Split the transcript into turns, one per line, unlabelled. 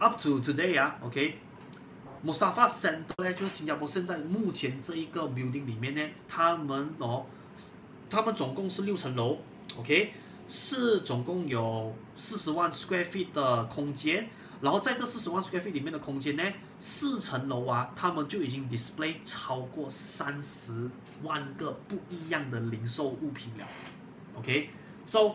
Up to today 啊，OK，Mustafa Centre 呢，就是新加坡現在目前這一個 building 裏面呢，他們哦，他們總共是六層樓，OK，是總共有四十萬 square feet 的空間，然後在這四十萬 square feet 裏面的空間呢，四層樓啊，他們就已經 display 超過三十萬個不一樣的零售物品了，OK，So、okay,